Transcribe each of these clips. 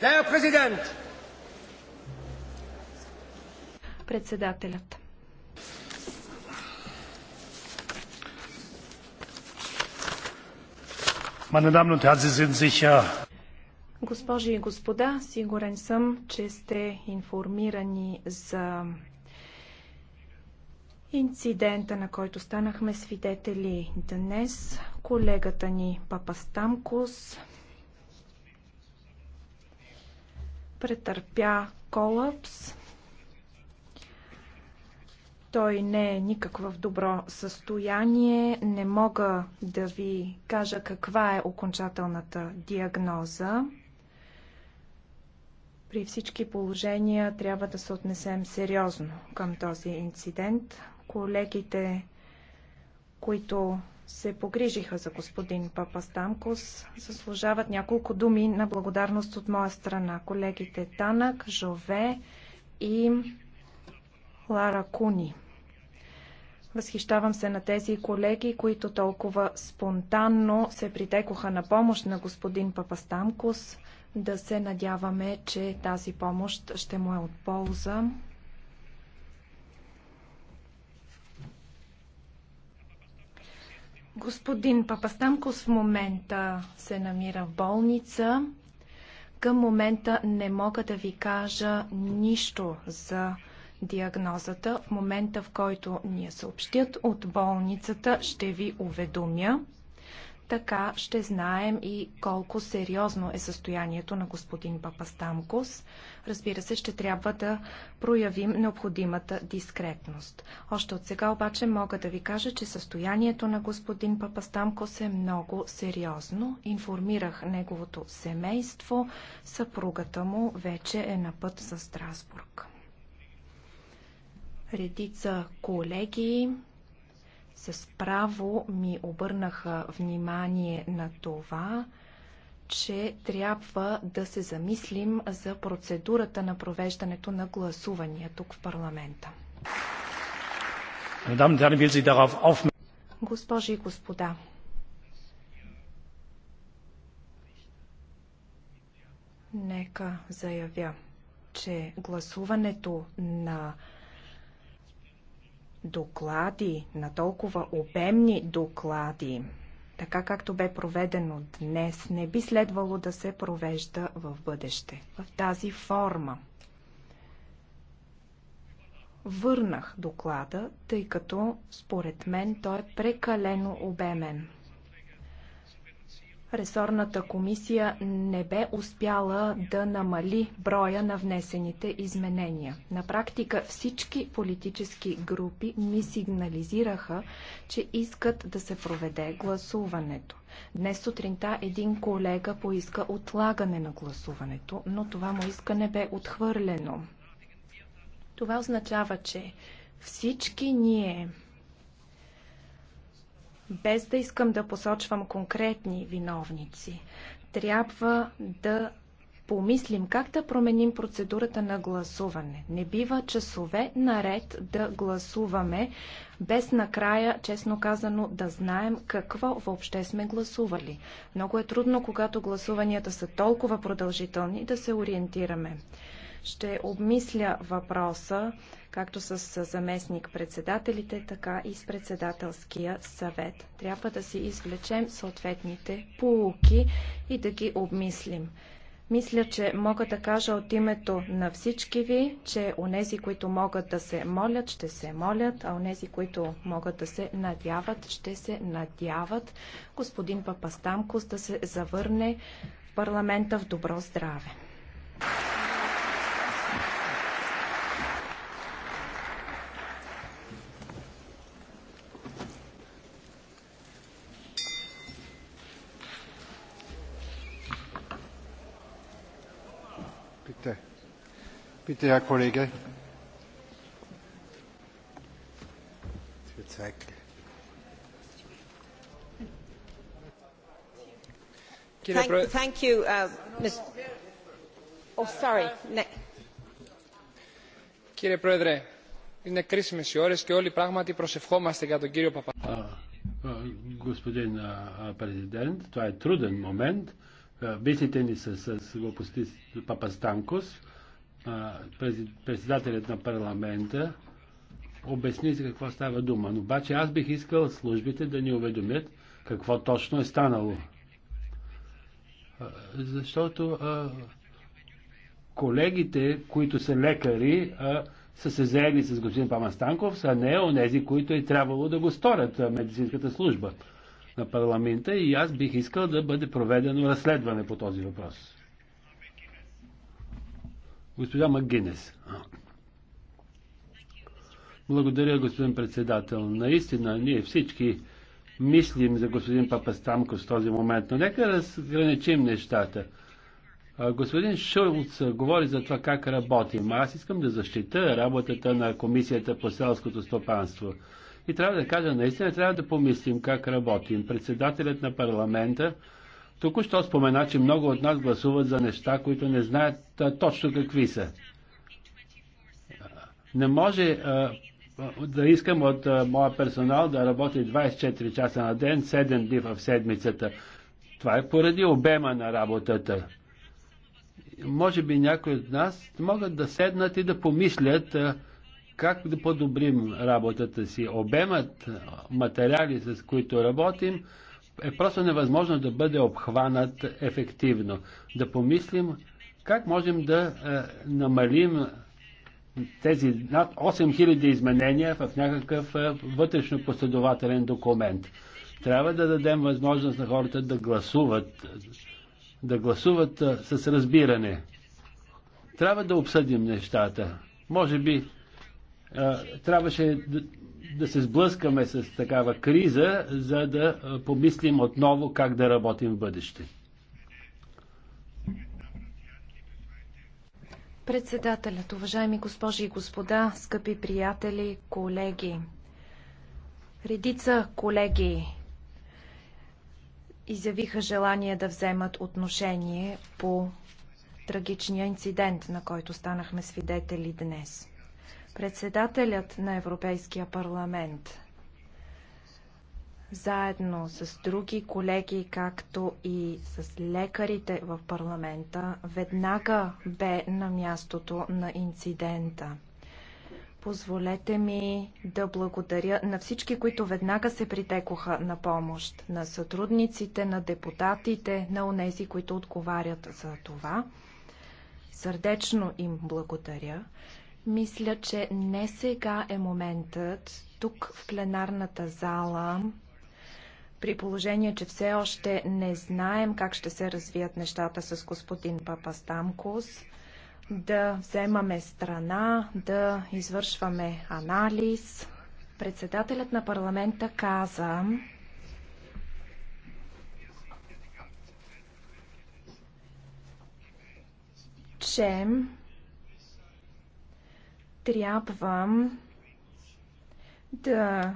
Der Präsident! Председателят. Meine Damen und Herren, Sie sind sicher. Госпожи и господа, сигурен съм, че сте информирани за инцидента, на който станахме свидетели днес. Колегата ни Папастамкус. претърпя колапс. Той не е никак в добро състояние. Не мога да ви кажа каква е окончателната диагноза. При всички положения трябва да се отнесем сериозно към този инцидент. Колегите, които се погрижиха за господин Папастамкос, заслужават няколко думи на благодарност от моя страна. Колегите Танък, Жове и Лара Куни. Възхищавам се на тези колеги, които толкова спонтанно се притекоха на помощ на господин Папастамкос. Да се надяваме, че тази помощ ще му е от полза. Господин Папастамкос в момента се намира в болница. Към момента не мога да ви кажа нищо за диагнозата. В момента, в който ни я съобщят от болницата, ще ви уведомя. Така ще знаем и колко сериозно е състоянието на господин Папастамкос. Разбира се, ще трябва да проявим необходимата дискретност. Още от сега обаче мога да ви кажа, че състоянието на господин Папастамкос е много сериозно. Информирах неговото семейство, съпругата му вече е на път за Страсбург. Редица колеги с право ми обърнаха внимание на това, че трябва да се замислим за процедурата на провеждането на гласувания тук в парламента. Госпожи и господа, нека заявя, че гласуването на доклади, на толкова обемни доклади, така както бе проведено днес, не би следвало да се провежда в бъдеще, в тази форма. Върнах доклада, тъй като според мен той е прекалено обемен ресорната комисия не бе успяла да намали броя на внесените изменения. На практика всички политически групи ми сигнализираха, че искат да се проведе гласуването. Днес сутринта един колега поиска отлагане на гласуването, но това му искане бе отхвърлено. Това означава, че всички ние без да искам да посочвам конкретни виновници, трябва да помислим как да променим процедурата на гласуване. Не бива часове наред да гласуваме, без накрая, честно казано, да знаем какво въобще сме гласували. Много е трудно, когато гласуванията са толкова продължителни, да се ориентираме. Ще обмисля въпроса както с заместник председателите, така и с председателския съвет. Трябва да си извлечем съответните полуки и да ги обмислим. Мисля, че мога да кажа от името на всички ви, че онези, които могат да се молят, ще се молят, а онези, които могат да се надяват, ще се надяват господин Папастамкос да се завърне в парламента в добро здраве. Bitte, Herr Kollege. Κύριε Πρόεδρε, είναι κρίσιμε οι ώρε και όλοι πράγματι προσευχόμαστε για τον κύριο Παπαδάκη. Господин президент, това е труден момент. Битите ни с господин Папастанкос председателят на парламента обясни за какво става дума. Но обаче аз бих искал службите да ни уведомят какво точно е станало. Защото а, колегите, които са лекари, а, са се заели с господин Памастанков, са не онези, които е трябвало да го сторят а, медицинската служба на парламента и аз бих искал да бъде проведено разследване по този въпрос. Госпожа Магинес. Благодаря, господин председател. Наистина, ние всички мислим за господин Папастамко с този момент, но нека разграничим нещата. Господин Шулц говори за това как работим. Аз искам да защита работата на Комисията по селското стопанство. И трябва да кажа, наистина трябва да помислим как работим. Председателят на парламента Току-що спомена, че много от нас гласуват за неща, които не знаят точно какви са. Не може да искам от моя персонал да работи 24 часа на ден, 7 дни в седмицата. Това е поради обема на работата. Може би някои от нас могат да седнат и да помислят как да подобрим работата си. Обемът материали, с които работим, е просто невъзможно да бъде обхванат ефективно. Да помислим как можем да е, намалим тези над 8000 изменения в някакъв е, вътрешно последователен документ. Трябва да дадем възможност на хората да гласуват, да гласуват е, с разбиране. Трябва да обсъдим нещата. Може би трябваше да се сблъскаме с такава криза, за да помислим отново как да работим в бъдеще. Председателят, уважаеми госпожи и господа, скъпи приятели, колеги, редица колеги изявиха желание да вземат отношение по трагичния инцидент, на който станахме свидетели днес. Председателят на Европейския парламент заедно с други колеги, както и с лекарите в парламента, веднага бе на мястото на инцидента. Позволете ми да благодаря на всички, които веднага се притекоха на помощ, на сътрудниците, на депутатите, на онези, които отговарят за това. Сърдечно им благодаря. Мисля, че не сега е моментът тук в пленарната зала при положение, че все още не знаем как ще се развият нещата с господин Стамкус, да вземаме страна, да извършваме анализ. Председателят на парламента каза, че трябва да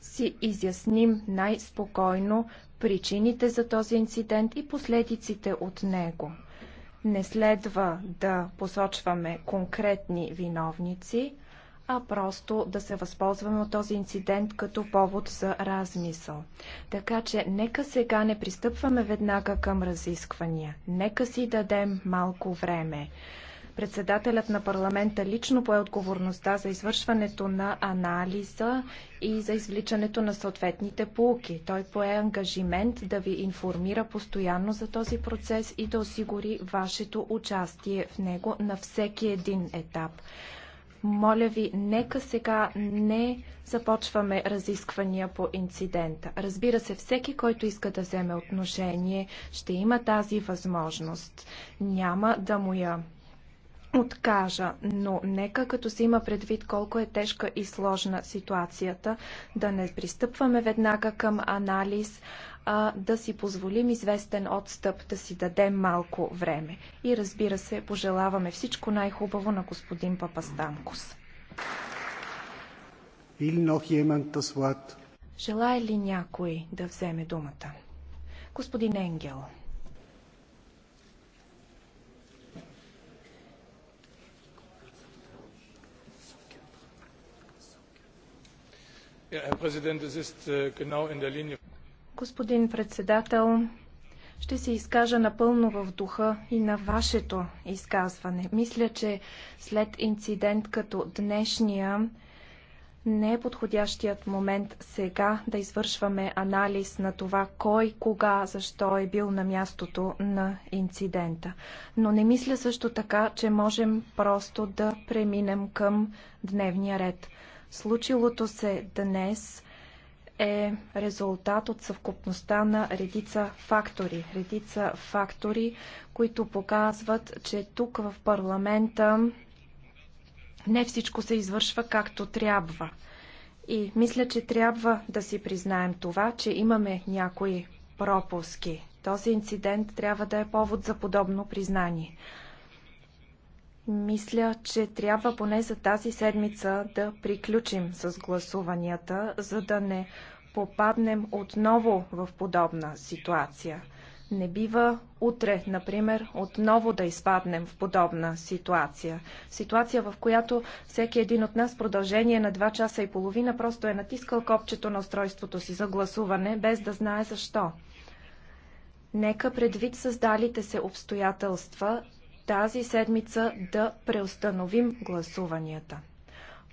си изясним най-спокойно причините за този инцидент и последиците от него. Не следва да посочваме конкретни виновници, а просто да се възползваме от този инцидент като повод за размисъл. Така че нека сега не пристъпваме веднага към разисквания. Нека си дадем малко време. Председателят на парламента лично пое отговорността за извършването на анализа и за извличането на съответните полуки. Той пое ангажимент да ви информира постоянно за този процес и да осигури вашето участие в него на всеки един етап. Моля ви, нека сега не започваме разисквания по инцидента. Разбира се, всеки, който иска да вземе отношение, ще има тази възможност. Няма да му я откажа, но нека като се има предвид колко е тежка и сложна ситуацията, да не пристъпваме веднага към анализ, а да си позволим известен отстъп, да си дадем малко време. И разбира се, пожелаваме всичко най-хубаво на господин Папастанкос. Желая ли някой да вземе думата? Господин Енгел. Äh, Господин председател, ще се изкажа напълно в духа и на вашето изказване. Мисля, че след инцидент като днешния, не е подходящият момент сега да извършваме анализ на това кой, кога, защо е бил на мястото на инцидента. Но не мисля също така, че можем просто да преминем към дневния ред. Случилото се днес е резултат от съвкупността на редица фактори. Редица фактори, които показват, че тук в парламента не всичко се извършва както трябва. И мисля, че трябва да си признаем това, че имаме някои пропуски. Този инцидент трябва да е повод за подобно признание. Мисля, че трябва поне за тази седмица да приключим с гласуванията, за да не попаднем отново в подобна ситуация. Не бива утре, например, отново да изпаднем в подобна ситуация. Ситуация, в която всеки един от нас продължение на 2 часа и половина просто е натискал копчето на устройството си за гласуване, без да знае защо. Нека предвид създалите се обстоятелства тази седмица да преустановим гласуванията.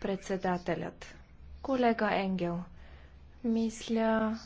Председателят. Колега Енгел, мисля,